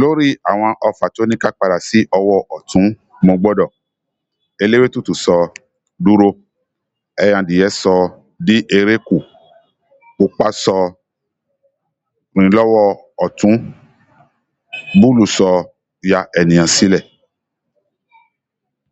lórí àwọn ọfà tó ní ká padà sí ọwọ́ ọ̀tún mo gbọ́dọ̀ eléwétùtù sọ dúró ẹyandìẹ sọ dí eré kù pupa sọ rìn lọ́wọ́ ọ̀tún búlù sọ ya ènìyàn sílẹ̀